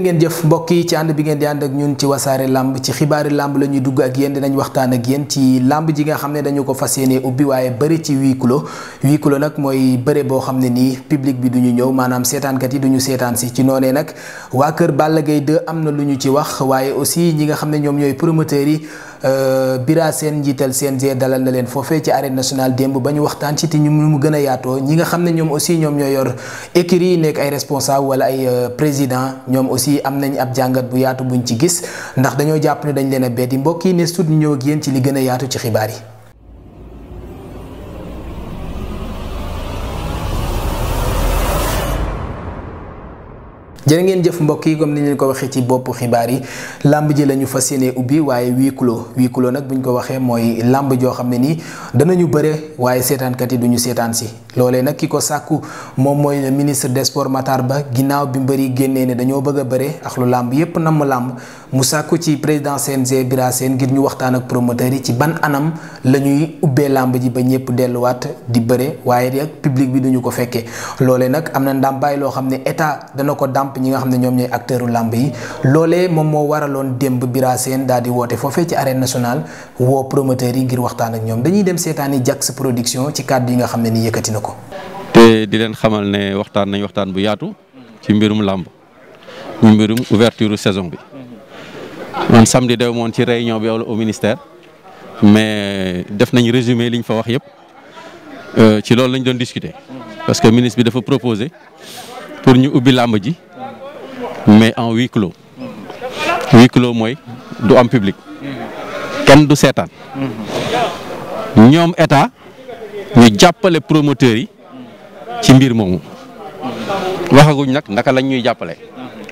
jërë ngeen jëf mbokk yi ci ànd bi ngeen di ànd ak ñun ci wasaare lamb ci xibaari làmb la ñuy dugg ak yéen dinañ waxtaan ak yéen ci làmb ji nga xam ne dañu ko fas yéene ubbi waaye bëri ci huis clos huis clos nag mooy bëre boo xam ne nii public bi du ñu ñëw maanaam seetaankat yi duñu seetaan si ci noonee nag waa kër Balla gay 2 am na lu ñu ci wax waaye aussi ñi nga xam ne ñoom ñooy promoteurs yi Euh, Bira seen njiital CNG dalal na leen foofee ci arène nationale démb ba ñu waxtaan ci te ñu mu gën a yaatoo ñi nga xam ne ñoom aussi ñoom ñoo yor écurie yi nekk ay responsable wala ay euh, président ñoom aussi am nañ ab jàngat bu yaatu buñ ci gis ndax dañoo jàpp ne dañu leen a beddi mbokk yi ne sut ñu ñëw yéen ci li gën yaatu ci xibaar yi. jërë ngeen jëf mbokk yi comme ni ñu ko waxee ci bopp xibaar yi làmb ji la ñu fas yéene ubbi waaye huis clos huis clos nag bu ñu ko waxee mooy làmb joo xam ne nii danañu bëre waaye seetaankat yi du seetaan si loolee nag ki ko sàkku moom mooy ministre des sports Matar Ba ginnaaw bi mbëri génnee ne dañoo bëgg a bëre ak lu làmb yépp namm làmb mu sàkku ci président CNG Bira Sène ngir ñu waxtaan ak promoteurs yi ci ban anam la ñuy ubbee làmb ji ba ñëpp delluwaat di bëre waaye nag public bi duñu ko fekkee ñi nga xam ne ñoom ñooy acteuru làmb yi loolee moom moo waraloon démb Bira Sène daal di woote foofee ci arène nationale woo promoteurs yi ngir waxtaan ak ñoom dañuy dem seetaani Jax production ci kàddu yi nga xam ne ni yëkkati na ko. te di leen xamal ne waxtaan nañ waxtaan bu yaatu. ci mbirum làmb ñu mbirum ouverture saison bi. man samedi dew moon ci réunion bi wala au ministère. mais def nañ résumé liñ fa wax yëpp. Euh, ci loolu lañ doon discuter. parce que ministre pour ñu ubbi làmb ji mais en huis clos huis mooy du am public kenn du seetaan ñoom état ñu jàppale promoteurs yi ci mbir moomu waxaguñ nag naka lañ ñuy jàppale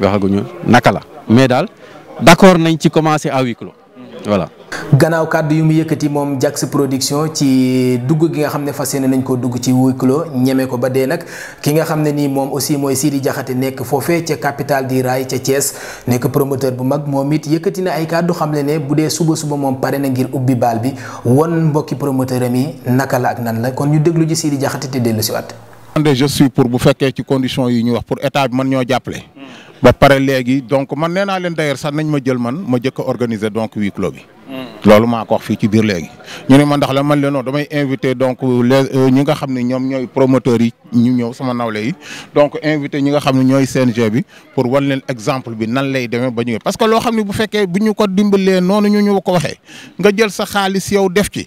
waxaguñu naka la mais daal d'accord nañ ci commencer à huis clos gannaaw kàddu yu mu yëkkati moom Jax production ci dugg gi nga xam ne fas ne nañ koo dugg ci huis clos ñeme ko ba dee nag ki nga xam ne nii moom aussi mooy Sidi Diakhaté nekk foofee ca capital di raay ca Thiès nekk promoteur bu mag moom it yëkkati na ay kàddu xam ne ne bu dee suba suba moom pare na ngir ubbi baal bi won mbokki promoteur mi naka la ak nan la kon ñu déglu ji Sidi Diakhaté te dellu si waat. je suis pour bu fekkee ci condition yi ñu wax pour état bi ñoo jàppale. Hmm. ba pare léegi donc man nee naa leen d'ailleurs sax nañ ma jël man ma jëkk a organiser donc huis clos bi. Mm. loolu maa ko wax fii ci biir léegi. ñu ne ma ndax la man leen non damay invité donc euh, ñi nga xam ne ñoom ñooy promoteurs yi ñu ñëw sama nawle donc invité ñi xam ne ñooy CNG bi pour wan leen exemple bi nan lay demee ba ñu parce que loo xam ne bu fekkee bu ñu ko dimbalee noonu ñu ñu ko waxee nga jël sa xaalis yow def ci.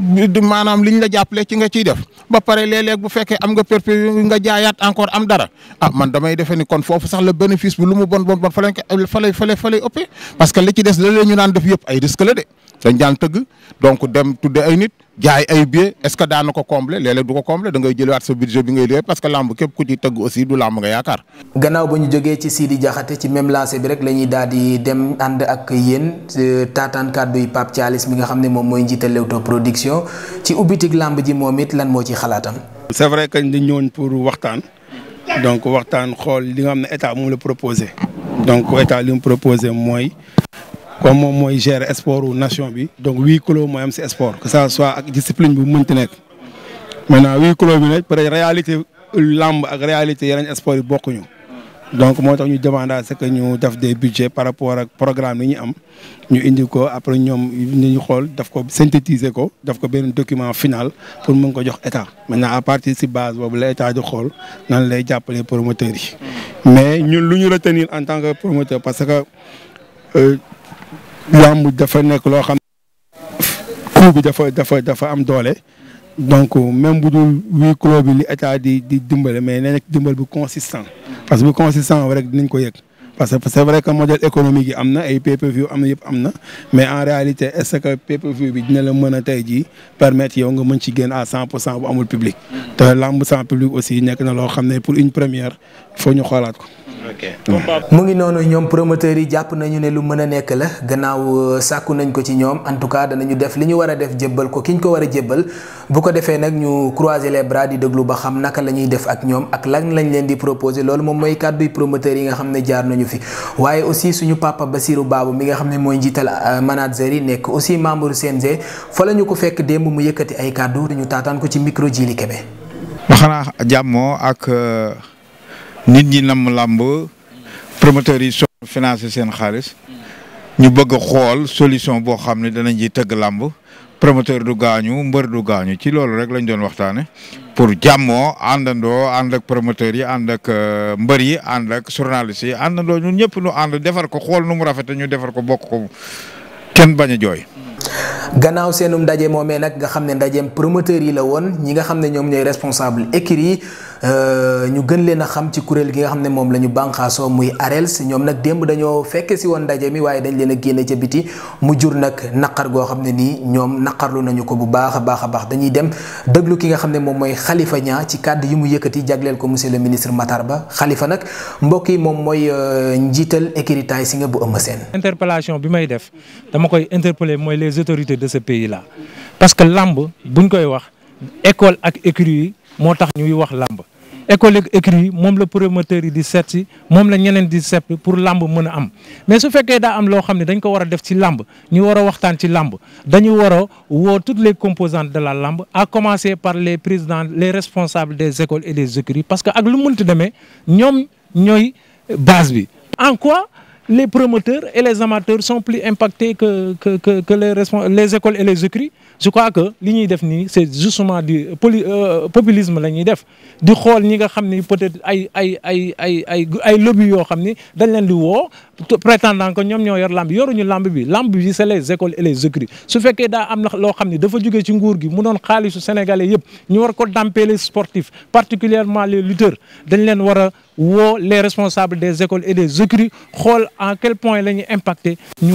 maanaam liñ la jàppale ci nga ciy def ba pare léeg-léeg bu fekkee am nga perpé nga jaayaat encore am dara ah man damay defee ni kon foofu sax le bénéfice bu lu mu bon bon fa lañ fa lay fa lay ëppee parce que li ci des la leen ñu naan def yëpp ay risque la de dañ daan tëgg donc dem tudde ay nit jaay ay billets est ce que daan na ko combler léeg-léeg du ko combler da ngay jëliwaat sa budget bi ngay liggéey parce que làmb képp ku ci tëgg aussi du làmb nga yaakaar. gannaaw ba ñu jógee ci Sidi Diakhaté ci même lancé bi rek la daal di dem ànd ak yéen euh, taataan kàddu yi Pape Thialis bi nga xam ne moom mooy njiital Leewtoo production ci ubbitik làmb ji moom it lan moo ci xalaatam. c'est vrai que ñu ñëwoon pour waxtaan donc waxtaan xool li nga xam ne état moom la proposé donc état li mu proposé mooy. comme moom mooy gérer sport nation bi donc huis clos mooy am si sport que ça soit ak discipline bu mënti nekk maintenant huis clos bi nag réalité làmb ak réalité yeneen sport yi bokkuñu donc moo tax ñu demanda c'est ñu def des budgets par rapport ak programme yi ñu am ñu indi ko après ñoom ni ñu xool daf ko synthétiser ko daf ko benn document final pour mën ko jox état maintenant à partir si base boobu la état di xool nan lay jàppale promoteurs yi mm. mais ñun que làmb dafa nekk loo xam coup bi dafa dafa am doole donc même bu dul huis clos bi li état di di dimbale mais na nekk dimbal bu consistant parce que bu consistant rek dinañ ko yëg parce que c'est vrai que modèle économique yi am na ay pay-per-view am na yëpp am na mais en réalité est-ce que pay bi dina la mën a ji jii permettre yow nga mën ci génn à cent pour cent bu amul public. Mm-hmm. te lamb sans public aussi nekk na loo xam ne pour une première foo ñu xoolaat ko. ok mu ngi noonu ñoom promoteurs yi jàpp nañu ne lu mën a nekk la gannaaw euh, sàkku nañ ko ci ñoom en tout cas danañu def li ñu war a def jébbal ko ki ñu ko war a jébbal. bu ko defee nag ñu croiser les bras di déglu ba xam naka la ñuy def ak ñoom ak lan lañ leen di proposer loolu moom mooy kàdduy promoteurs yi nga xam ne jaar nañu fi waaye aussi suñu papa Basirou baabu mi nga xam ne mooy njiital euh, manager yi nekk aussi membre CNG fa la ñu ko fekk démb mu yëkkati ay kàddu ñu taataan ko ci micro Djily Kébé. xanaa jàmmoo ak euh, nit ñi namm làmb promoteurs yi soxla financé seen xaalis ñu bëgg xool solution boo xam ne danañ ji tëgg làmb promoteur du gaañu mbër du gaañu ci loolu rek lañ doon waxtaane pour jàmmoo àndandoo ànd ak promoteurs yi ànd ak euh, mbër yi ànd ak journalistes yi àndandoo ñun ñëpp ñu ànd defar ko xool nu mu rafete ñu defar ko bokk ko kenn bañ jooy. gannaaw seenum ndaje moomee nag nga xam ne ndajeem promoteurs yi la woon ñi nga xam ne ñoom ñooy responsable écurie yi Euh, ñu gën leen a xam ci kuréel gi nga xam ne moom la ñu bànqaasoo muy ARELS ñoom nag démb dañoo fekke si woon ndaje mi waaye dañ leen a génne ca biti mu jur nag naqar goo xam ne nii ñoom naqarlu nañu ko bu baax a baax a baax dañuy dem déglu ki nga xam ne moom mooy xalifa Niang ci kàdd yi mu yëkkati jagleel ko monsieur le ministre Matar Ba Khalifa nag mbokk yi moom mooy euh, njiital écritage si nga bu ëmb seen. interpellation bi may def dama koy interpeller mooy les autorités de ce pays la parce que lamb buñ koy wax école ak écurie moo tax ñuy wax làmb école ak écrit yi moom la promoteur yi di seet si moom la ñeneen di seet pour làmb mën a am mais su fekkee daa am loo xam ne dañ ko war a def ci làmb ñu war a waxtaan ci làmb dañu war a woo toutes les composantes de la làmb à commencer par les présidents les responsables des écoles et des écuries parce que ak lu mënti demee ñoom ñooy base bi en quoi les promoteurs et les amateurs sont plus impactés que que que, que les les écoles et les écrits je crois que li ñuy def nii c'est justement du poli euh, populisme la ñuy def di xool ñi nga xam ni peut-être ay ay ay ay ay ay lobby yoo xam ni dañ leen di woo prétendant que ñoom ñoo yor lamb yoruñu lamb bi lamb bi c'est les école et les écrits su fekkee daa am na loo xam ni dafa jógee ci nguur gi mu doon xaalisu sénégalais yëpp ñu war ko dampeele sportif particulièrement les lutteurs dañ leen war a woo les responsables des écoles et des écuries xool en quel point la ñu impacté ñu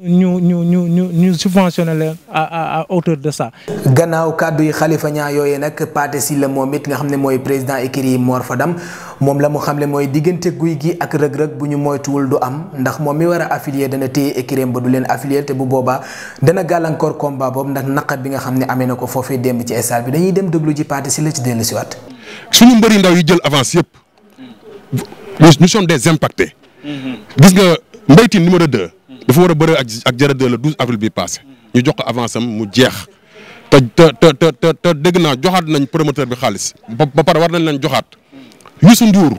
ñu ñu ñu ñu ñu subventionné leen à à hauteur de ça. gannaaw kàddu yi xalifa ñaa yooyee nag Pathé Sylla moom it nga xam ne mooy président écurie yi Mor Fadam moom la mu xamle mooy diggante guy gi ak rëg-rëg bu ñu moytuwul du am ndax moom mi war a affilier dana téye écurie ba du leen affilier te bu boobaa dana gàllankoor combat boobu ndax naqar bi nga xam ne amee na ko foofee démb ci stade bi dañuy dem déglu ji Pathé Sylla ci dellusiwaat. suñu mbëri ndaw yi jël avance yëpp. nous sommes des impactés. gis nga Mbaye Tine numéro 2. dafa war a bëre ak ak Diarra 2 le 12 avril bi passé. ñu jox ko avance am mu jeex. te te te dégg naa joxaat nañ promoteur bi xaalis ba pare war nañ leen joxaat. Youssou Ndour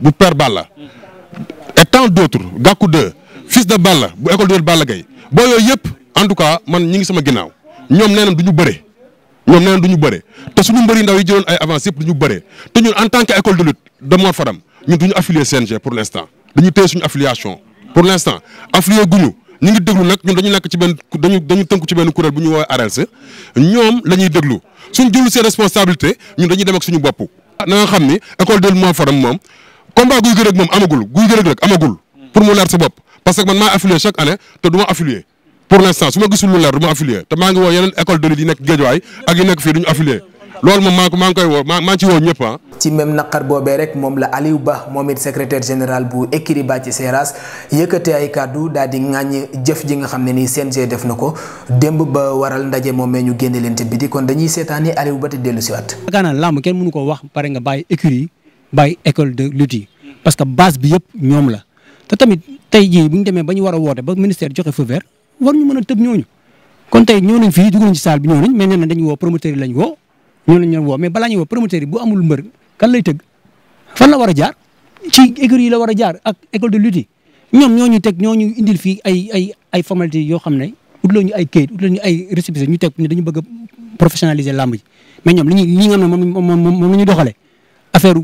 bu Père Balla. et tant d' autres Gakou 2 fils de Balla bu école de Balla Gaye boo yooyu yëpp en tout cas man ñi ngi sama ginnaaw ñoom nee nañ du ñu bëre ñoom nee du ñu bëre te suñu mbëri ndaw yi jëloon ay avance yëpp du ñu bëre te ñun en tant que école de lutte de Mor ñun du ñu affilié CNG pour l' instant dañu téye suñu affiliation pour l' instant guñu ñu ngi déglu nag ñun dañu nekk ci benn dañu bu ñu woowee ARLC ñoom la ñuy déglu suñ jëlu seen responsabilité ñun dañuy dem ak suñu bopp. Ah, na nga xam ni école de Mame Faram moom combat guy gërëg moom amagul guy gërëg rek amagul pour mu leer sa bopp parce que man maa affilié chaque année te du ma affilié pour l' su ma gisul lu leer du ma nekk fii du ñu loolu moom maa ko maa ngi koy woo maa maa ngi ci woo ñëpp ah. ci même naqar boobee rek moom la Aliou Ba moom it secrétaire général bu écurie Bathie Seras yëkkate ay kàddu daal di ŋàññ jëf ji nga xam ne nii CNG def na ko démb ba waral ndaje moomee ñu génne leen ci biti kon dañuy seetaani Aliou Ba te dellu si waat. yaakaar naa làmb kenn mënu ko wax pare nga bàyyi écurie bàyyi école de lutte yi parce que base bi yëpp ñoom la te tamit tey jii bu ñu demee ba ñu war a woote ba ministère joxe feu vert war ñu mën a tëb ñooñu kon tey ñoo nañ fii dugg nañ ci salle bi ñoo nañ mais nee na dañu woo promoteur yi lañ woo ñoo lañ leen woo mais balaa ñuy woo promoteur yi bu amul mbër kan lay tëgg fan la war a jaar ci écurie yi la war a jaar ak école de lutte yi ñoom ñoo ñu teg ñoo ñu indil fii ay ay ay formalités yoo xam ne utloo ñu ay kayit utloo ñu ay récépissé ñu teg ne dañu bëgg a professionnaliser làmb ñoom li ñuy li nga xam ne moom moom moom la ñuy doxalee affaire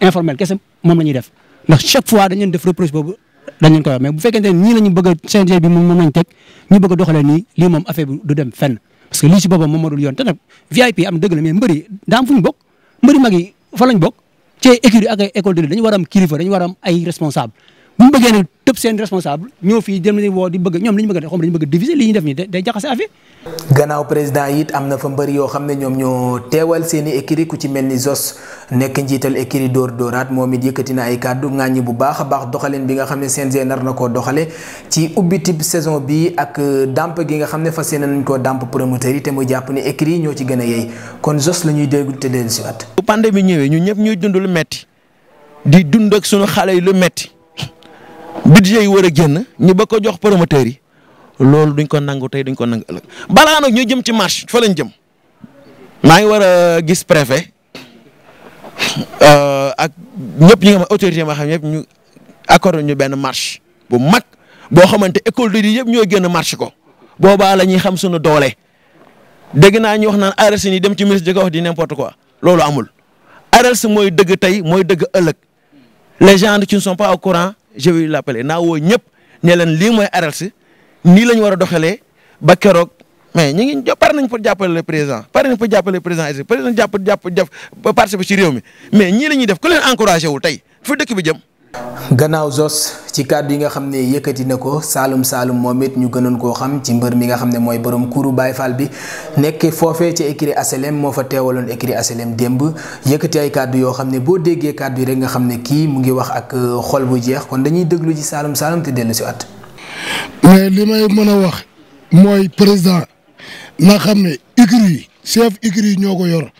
informelle kese moom la ñuy def ndax chaque fois dañu leen def reproche boobu dañ leen koy wax mais bu fekkente ne nii la ñu bëgg a CNG bi ñu teg ñu bëgg a doxalee nii dem fenn. parce que lii ci boppam moom moo dul yoon te VIP am dëgg la mais mbëri daa am fu ñu bokk mbëri mag yi fa lañ bokk ci écurie dañu war a am kilifa dañu war a ay responsable bu ñu bëggee nag tëb seen responsable ñoo fii jëm nañu woo di bëgg ñoom li ñu bëgg a def xam dañu bëgg a diviser li gannaaw président yi am na fa mbëri yoo xam ne ñoom ñoo teewal seen i écurie ku ci mel ni Zos nekk njiital écurie door dooraat moom it yëkkati na ay kàddu ŋàññi bu baax a baax doxalin bi nga xam ne seen nar na koo doxale ci ubbi tib saison bi ak damp gi nga xam ne fas yéene nañ koo dàmp promoteur yi te muy jàpp ne écurie yi ñoo ci gën a yey kon Zos la ñuy déglu te dellusiwaat. bu pandémie ñëwee ñun ñëpp ñuy dund lu metti di dund ak sunu xale yi lu metti budget yi war a génn ñu ba ko jox promoteurs yi loolu duñ ko nangu tey duñ ko nangu ëllëg balaa nag ñu jëm ci marche fala lañ jëm maa ngi war a gis préfet euh, ak ñëpp ñi nga xam autorité ma xam ñëpp ñu accordé ñu benn marche bu mag boo xamante école de yëpp ñoo génn marche ko boobaa la ñuy xam sunu doole dégg naa ñu wax naan ARS yi dem ci ministre di ko wax di n'importe quoi loolu amul ARS mooy dëgg tey mooy dëgg ëllëg les gens qui pas au courant. je vais l'appeler naa woo ñëpp ne leen lii mooy AREELS nii la ñu war a doxalee ba keroog mais ñu ngi pare nañ pour jàppale le président pare nañ pour jàppale le président et président jàpp jàpp jàpp participer ci réew mi mais ñii la ñuy def ku leen encouragé wul tey fu dëkk bi jem gannaaw Zoss ci kàddu yi nga xam ne yëkkati na ko Saalum Saalum moom it ñu gënoon koo xam ci mbër mi nga xam ne mooy borom kuuru Baye Fall bi nekk foofee ci écurie HLM moo fa teewaloon écurie HLM démb yëkkati ay kàddu yoo xam ne boo déggee kàddu yi rek nga xam ne kii mu ngi wax ak euh, xol bu jeex kon dañuy déglu ci Saalum Saalum te denn si at. mais li may mën a wax mooy président na xam ne écurie yi chef écurie yi ñoo ko yor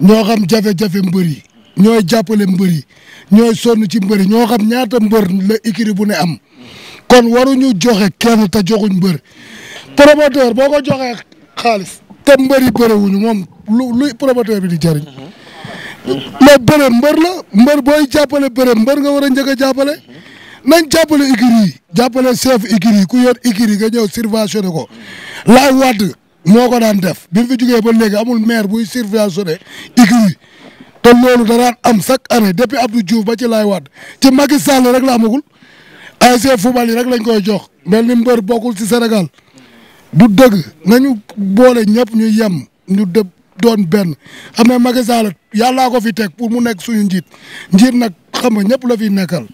ñoo xam jafe-jafe mbër yi ñooy jàppale mbër yi ñooy sonn ci mbër yi ñoo xam ñaata mbër la écurie bu ne am kon waruñu joxe kenn te joxuñ mbër promoteur boo ko joxe xaalis te mbër yi moom lu luy promoteur bi di jëriñ mais bëre mbër la mbër booy jàppale bëre mbër nga war a njëkk a jàppale nañ jàppale écurie yi jàppale chef écurie yi ku yor écurie nga ñëw subventionné ko laay wàdd moo ko daan def bi fi jugee ba léegi amul maire buy subventionné écurie te loolu dara am chaque année depuis Abdou Diouf ba ci Laay Wade ci Macky Sall rek la amagul ASC football yi rek lañ koy jox mel ni mbër bokkul ci Sénégal du dëgg nañu boole ñëpp ñu yem ñu dë doon benn xam ne Macky Sall yàllaa ko fi teg pour mu nekk suñu njiit njiit nag xam nga ñëpp la fi nekkal.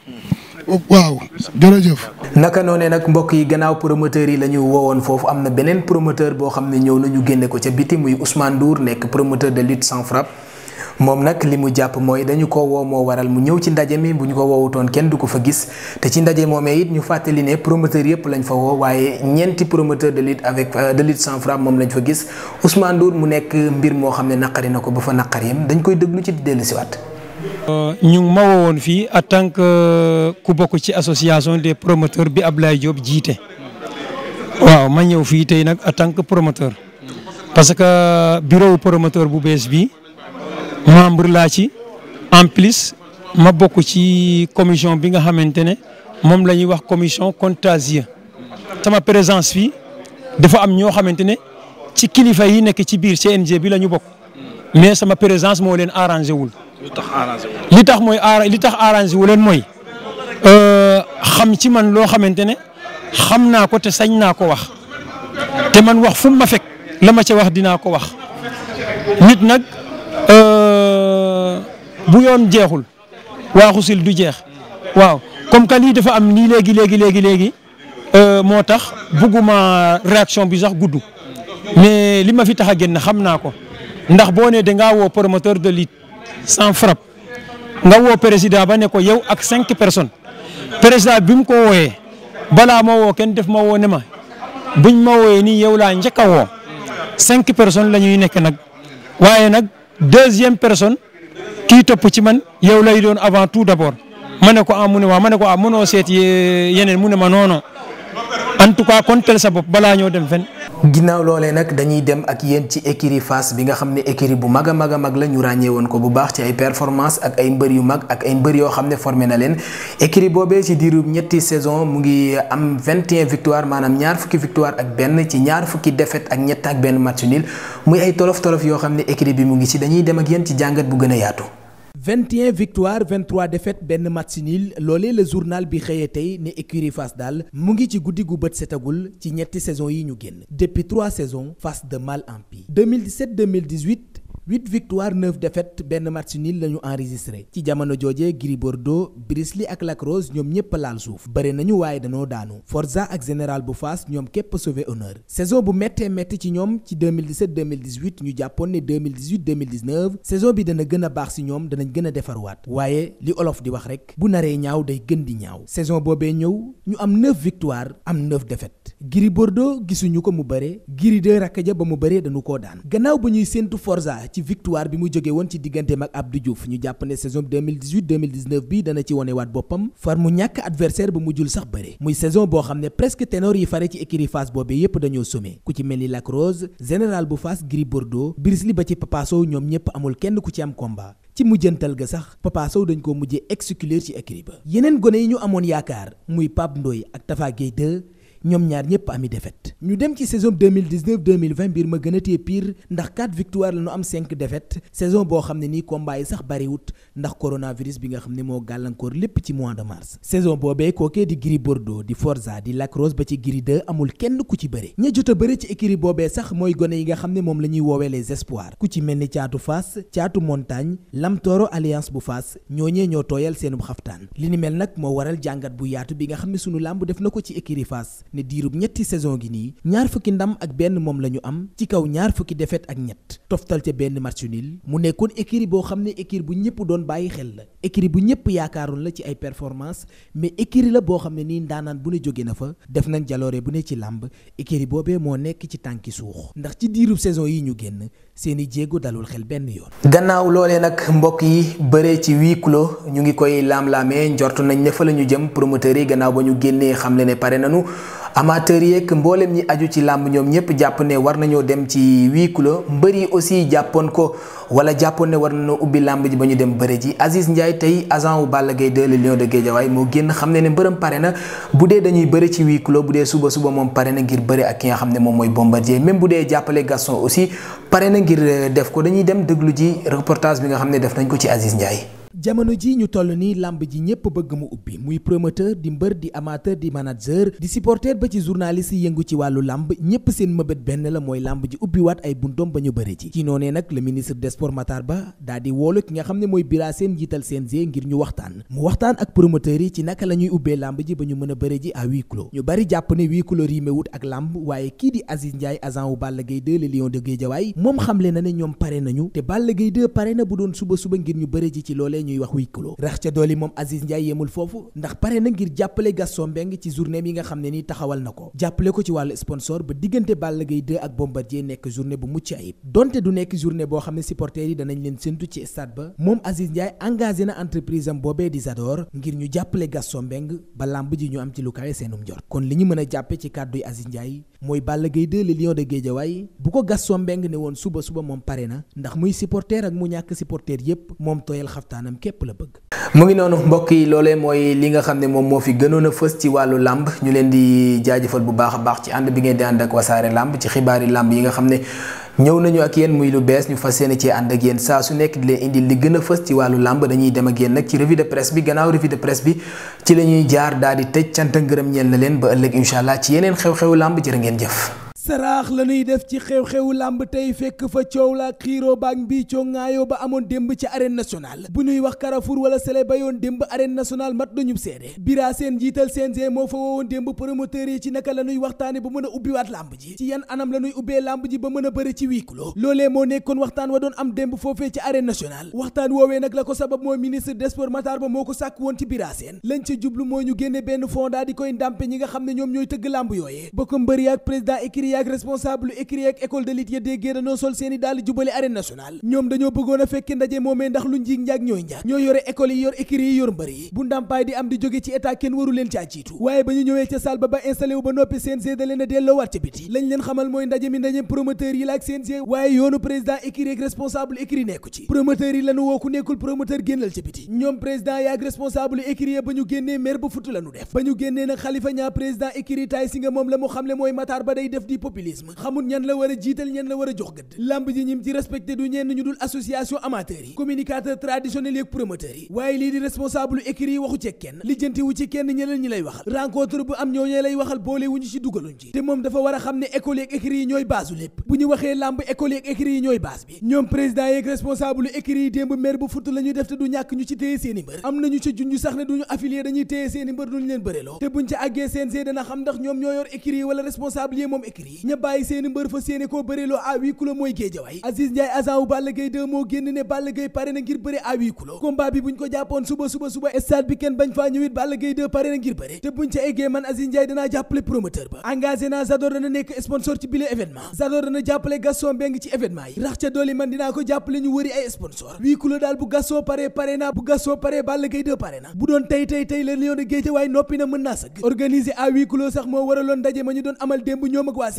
waaw jërëjëf. naka noonee nag mbokk yi gannaaw promoteur yi la ñu woowoon foofu am na beneen promoteur boo xam ne ñëw nañu ñu génne ko ca biti muy Ousmane Ndour nekk promoteur de lutte sans moom nag li mu jàpp mooy dañu ko woo moo waral mu ñëw ci ndaje mi bu ñu ko woowutoon kenn du ko fa gis te ci ndaje moomee it ñu fàttali ne promoteur yëpp lañ fa woo waaye ñeenti promoteur de lutte avec euh, de lutte sans frappe moom lañu fa gis Ousmane Ndour mu nekk mbir moo xam ne naqari na ko ba fa naqar yam dañ koy déglu ci si dellusiwaat. Euh, ñu ngi ma fii en tant que euh, ku bokk ci association des promoteurs bi Ablaye Diop jiite waaw ma ñëw fii tey nag en tant que promoteur parce que bureau bu bees bi. membre laa ci en plus ma bokk ci commission bi nga xamante ne moom la ñuy wax commission contagieux sama présence fii dafa am ñoo xamante ne ci kilifa yi nekk ci biir CNG bi la ñu bokk mais sama présence moo leen arrangé wul. li tax arrangé wul li tax mooy wu leen mooy euh, xam ci man loo xamante ne xam naa ko te sañ naa ko wax te man wax fu ma fekk la ma ca wax dinaa ko wax nit nag. Euh, Euh, bu yoon jeexul waaxu sil du jeex waaw comme que lii dafa am nii léegi léegi léegi léegi euh, moo tax bugguma réaction bi sax gudd mais li ma fi tax a génn xam naa ko ndax boo nee dangaa woo promoteur de lutte sans frappe nga woo président ba ne ko yow ak cinq personnes président bi mu ko wooyee balaa ma woo kenn def ma woo ne ma buñ ma wooyee nii yow laa njëkk a woo cinq personnes la ñuy nekk nag waaye nag deuxième personne kii topp ci man yow lay doon avant tout d'abord ma ne ko ah mu ne waaw ma ne ko ah mënoo seet eh, yeneen mu ne ma non en tout cas konteel sa bopp balaa ñoo dem fen ginnaaw loolee nag dañuy dem ak yéen ci écurie Fass bi nga xam ne écurie bu mag a mag a mag la ñu ràññee woon ko bu baax ci ay performance ak ay mbër yu mag ak ay mbër yoo xam ne formé na leen écurie boobee ci diiru ñetti saison mu ngi am 21 victoire maanaam ñaar fukki victoire ak benn ci ñaar fukki defet ak ñett ak benn match nul muy ay tolof tolof yoo xam ne écurie bi mu ngi ci dañuy dem ak yéen ci jàngat bu gën a yaatu 21 victoires 23 défaites benn match nul loolee la journal bi xëyee tey ne écurie Fass daal mu ngi ci guddi gu bët setagul ci ñetti saison yi ñu génn depuis trois saisons Fass de mal en pis 2017 2018 8 victoires 9 défaites benn match nul la ñu enregistré ci jamono jooje Gris Bordeaux Brisli ak Lac Rose ñoom ñépp laal suuf bari nañu waaye danoo daanu Forza ak Général bu Faas ñoom képp sauvé honneur saison bu méttee métti ci ñoom ci 2017 2018 ñu jàppoon ne 2018 2019 saison bi dana gën a baax si ñoom danañ gën a waat waaye li olof di wax rek bu naree ñaaw day gën di ñaaw saison boobee ñëw ñu am 9 victoires am 9 défaites Gris Bordeaux gisuñu ko mu bëre Gris 2 rakk ba mu bëree dañu ko daan gannaaw ba ñuy séentu Forza ci victoire bi mu jóge woon ci digganteem ak du Diouf ñu jàpp ne saison 2018 2019 bi dana ci wonewaat boppam far mu ñàkk adversaire mu jul sax bëre muy saison boo xam ne presque ténor yi fare ci écurie Fass boobee yépp dañoo sommé ku ci mel ni Lac Rose bu Fass Gris Bordeaux Brisli ba ci Papa ñoom ñépp amul kenn ku ci am combat ci mujjantal ga sax Papa Sow dañ koo mujjee exécuter ci écurie ba yeneen gone yi ñu amoon yaakaar muy Pape Ndoye ak Tafa Gueye ñoom ñaar ñëpp ami défaite ñu dem ci saison 2019 2020 mbir ma gën a tee pire ndax 4 victoire la ñu am 5 défaite saison boo xam ne nii combat yi sax bariwut ndax coronavirus bi nga xam ne moo gàllankoor lépp ci mois de mars saison boobee kookee di Gris Bordeaux di Forza di Lac Rose ci Gris 2 kenn ku ci bëre ña jot a bëre ci écurie boobee sax mooy gone yi nga xam ne moom la ñuy woowee les espoirs ku ci mel ni caatu Fass caatu montagne Lam Toro alliance bu Fass ñooñee ñoo tooyal seenub xaftaan li ni mel nag moo waral jàngat bu yaatu bi nga xam ne sunu làmb def na ko ci écurie fas ne diirub ñetti saison gi nii ñaar fukki ndam ak benn moom lañu am ci kaw ñaar fukki défaite ak ñett toftal ca benn match nul mu nekkoon écurie boo xam ne écurie bu ñëpp doon bàyyi xel la écurie bu ñëpp yaakaaroon la ci ay performance mais écurie la boo xam ne nii ndaanaan bu ne jógee na fa def nañ jaloore bu ne ci làmb écurie boobee moo nekk ci tànki suux ndax ci diirub saison yi ñu génn seeni jéego dalul xel benn yoon. gannaaw loolee nag mbokk yi bëree ci huis clos ñu ngi koy laam-laamee njort nañ ne fa la ñu jëm promoteur yi gannaaw ba ñu génnee xamle ne pare nañu amateurs yeeg mboolem ñi aju ci làmb ñoom ñëpp jàpp ne war nañoo dem ci huis clos mbër yi aussi jàppoon ko wala jàppoon ne war nañoo ubbi làmb ji ba ñu dem bëre ji Aziz Ndiaye tey agent wu Balla Gaye 2 le Lion de Guédiawaye moo génn xam ne ne mbërëm pare na bu dee dañuy bëre ci huis clos bu dee suba suba moom pare na ngir bëre ak ki nga xam ne moom mooy Bombardier même bu dee jàppale Gaston aussi pare na ngir euh, def ko dañuy dem déglu ji reportage bi nga xam ne def nañ ko ci Aziz Ndiaye jamono ji ñu toll nii làmb ji ñépp bëgg mu ubbi muy promoteur di mbër di amateur di manager di supporter ba ci journaliste yi yëngu ci wàllu làmb ñépp seen mëbët benn la mooy làmb ji ubbiwaat ay buntoom ba ñu bëri ji ci noonee nag le ministre des sports Matar Ba daal di ki nga xam ne mooy Bira Sène jiital CNG ngir ñu waxtaan mu waxtaan ak promoteurs yi ci naka la ñuy ubbee làmb ji ba ñu mën a bëri ji à huis ñu bari jàpp ne huis clos riimewut waaye kii di Aziz Ndiaye agent wu Balla Gaye 2 le lion de Guédiawaye moom xamle na ne ñoom pare nañu te Balla Gaye ñuy wax huis clos rax ca yi moom Aziz Ndiaye yemul foofu ndax pare na ngir jàppale Gaston Mbengue ci journée yi nga xam ne ni taxawal na ko jàppale ko ci wàllu sponsor ba diggante Balla Gaye 2 ak Bombardier nekk journée bu mucc ayib donte du nekk journée boo xam ne supporters yi danañ leen séntu ci stade ba moom Aziz Ndiaye engagé na entreprise am boobee di Zador ngir ñu jàppale Gaston mbeng ba làmb ji ñu am ci lu kawe seenum njort kon li ñu mën a jàppe ci kàdduy Aziz Ndiaye mooy Balla Gaye 2 le lion de Guédiawaye bu ko Gaston mbeng ne woon suba suba moom pare na ndax muy supporter ak mu ñàkk supporter yépp moom tooyal xaftaanam képp la bëgg. mu ngi noonu mbokk yi loolee mooy li nga xam ne moom moo fi gënoon a fës ci wàllu làmb ñu leen di jaajëfal bu baax a baax ci ànd bi ngeen di ànd ak wasaare làmb ci xibaari làmb yi nga xam ne ñëw nañu ak yéen muy lu bees ñu fas yéene ci ànd a yéen saa su nekk di leen indi li gën a fës ci wàllu làmb dañuy dem a yéen nag ci revue de presse bi gannaaw revue de presse bi ci la ñuy jaar daal di tëj cant ngërëm ñeel na leen ba ëllëg incha allah ci yeneen xew-xewu làmb jërë ngeen jëf saraax la ñuy def ci xew xew làmb tey fekk fa coow la xiiroo baak mbiicoo ŋaayoo ba amoon démb ci arène nationale bu nuy wax Carrefour wala sele ba yoon démb arène nationale mat dañu seede bira seen jiital CNG moo fa woowoon démb promoteur yi ci naka la ñuy waxtaane ba mën a ubbiwaat làmb ji ci yan anam la ñuy ubbee làmb ji ba mën a bëri ci huis loolee moo nekkoon waxtaan wa doon am démb foofee ci arène nationale waxtaan woowee nag la ko sabab woon ci bira seen lañ ca jublu moo ñu génne benn ñoom ñooy tëgg làmb yooyee ba ko yaak responsable écurie ak école de ya déggee dañoo sol seeni daal jubali arène ñoom dañoo bëggoon fekke ndaje moomee ndax lu njiig njaag ñooy njaag ñoo yore école yi yor écurie yi yor mbër yi bu ndàmpaay di am di jóge ci état kenn waru leen waaye ba ñu ñëwee ca salle ba ba installé ba noppi CNG da leen a delloowaat ca biti lañ leen xamal mooy ndaje mi ndaje promoteur yi la ak CNG waaye yoonu président écurie ba populisme xamul ñan la war a jiital ñan la war a jox gëdd lamb ji ñim ci respecté du ñenn ñu dul asociation amateurs yi communicateur traditionnel yeeg promoteurs yi waaye lii di responsable écrit yi waxu ceeg kenn lijjanti wu ci kenn ñeneen ñi lay waxal rencontre bu boole wuñu ci dugaluñ ci te moom dafa war a xam ne école yeeg écrit yi ñooy baasu lépp bu ñu waxee lamb école yeeg écrit yi ñooy baas bi ñoom président yeeg responsable écrit yi démb maire bu fut la def te du ñàkk ñu ci téye seeni mbër am ñu ci junj sax ne duñu affilié dañuy ndax ñoom ñoo yor écrit yi wala responsable yi ña bàyyi seeni mbër fa séene koo bëriloo à huis mooy géejawaay Aziz Ndiaye agent wu Balla moo génn ne Balla Gaye pare na ngir bëre à huis clos ca eggee man Aziz Ndiaye danaa jàppale promoteur ba engagé naa Zador dana nekk sponsor ci bile événement Zador dana jàppale Gaston Mbengue ci événement yi rax ca dooli man dinaa ko jàppale ñu wëri ay sponsor huis daal bu Gaston pare pare na bu Gaston pare Balla Gaye 2 pare na bu doon tey tey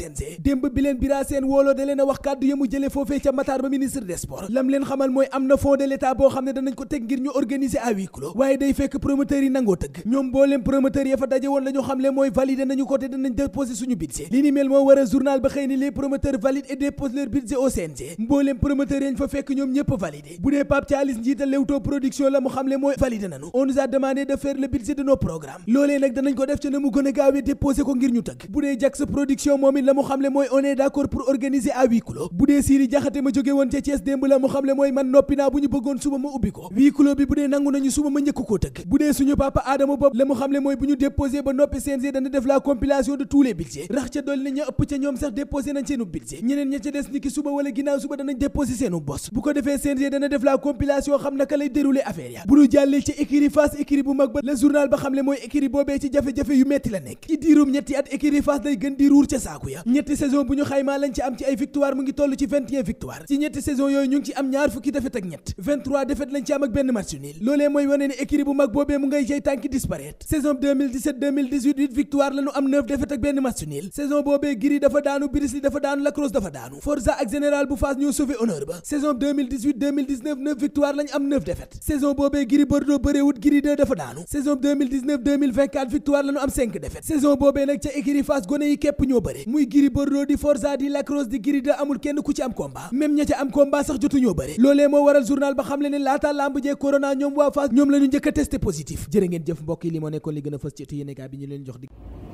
CNG démb bi leen wooloo da a wax kàddu yamu jële foofee ca Matar ba ministre des sports leen xamal mooy am na fond de l'État boo xam ne danañ ko teg ngir ñu organiser à waaye day fekk promoteurs yi nangoo tëgg ñoom mbooleem promoteurs ya fa daje woon la ñu mooy valider nañu côté danañ déposer suñu budget li ni mel moo war journal ba xëy ni les promoteurs et déposent leur budget au CNG mbooleem promoteurs yañ fa fekk ñoom mu xamle mooy on est d'accord pour organiser à huis clos bu dee Siri Jaxate ma jóge woon ca Thiès démb la mu xamle mooy man noppi naa bu ñu bëggoon suba ma ubbi ko huis bi bu dee nangu nañu suba ma njëkk koo tëgg bu dee suñu papa Adama Bob la mu xamle mooy bu ñu déposé ba noppi CNG dana def la compilation de tous les budgets rax ca dolli na ña ëpp ca ñoom sax déposé nañ seenu budget ñeneen ña ca des ni suba wala ginnaaw suba ko defee CNG dana def la compilation xam naka lay dérouler affaire ya bu ñu jàllee ci écurie Fass écurie bu mag ba le journal ba xamle mooy écurie boobee ci jafe-jafe di ruur ca saaku ñetti saison bu ñu xaymaa lañ ci am ci ay victoire mu ngi toll ci 21 victoire ci ñetti saison yooyu ñu ci am ñaar fukki défaite ak ñett 23 défaite lañ ci am ak benn match nul mooy wane ne équipe bu mag boobee mu ngay jey tànki disparaître saison 2017 2018 8 victoire lañu am 9 défaite ak benn match nul boobee Gris dafa daanu Brisli dafa dafa daanu Forza ak Général bu Fass ñoo sauvé victoire lañu am 5 défaite Gris Bordeaux di Forza di Lac di Gris 2 amul kenn ku ci am combat même ña ca am combat sax jotuñoo bëre loolee moo waral journal ba xam ne laata lamb jee ñoom waa Fass ñoom la njëkk a positif jërë ngeen jëf mbokk yi moo nekkoon li gën fës ci ëttu yéenekaay bi ñu leen jox dig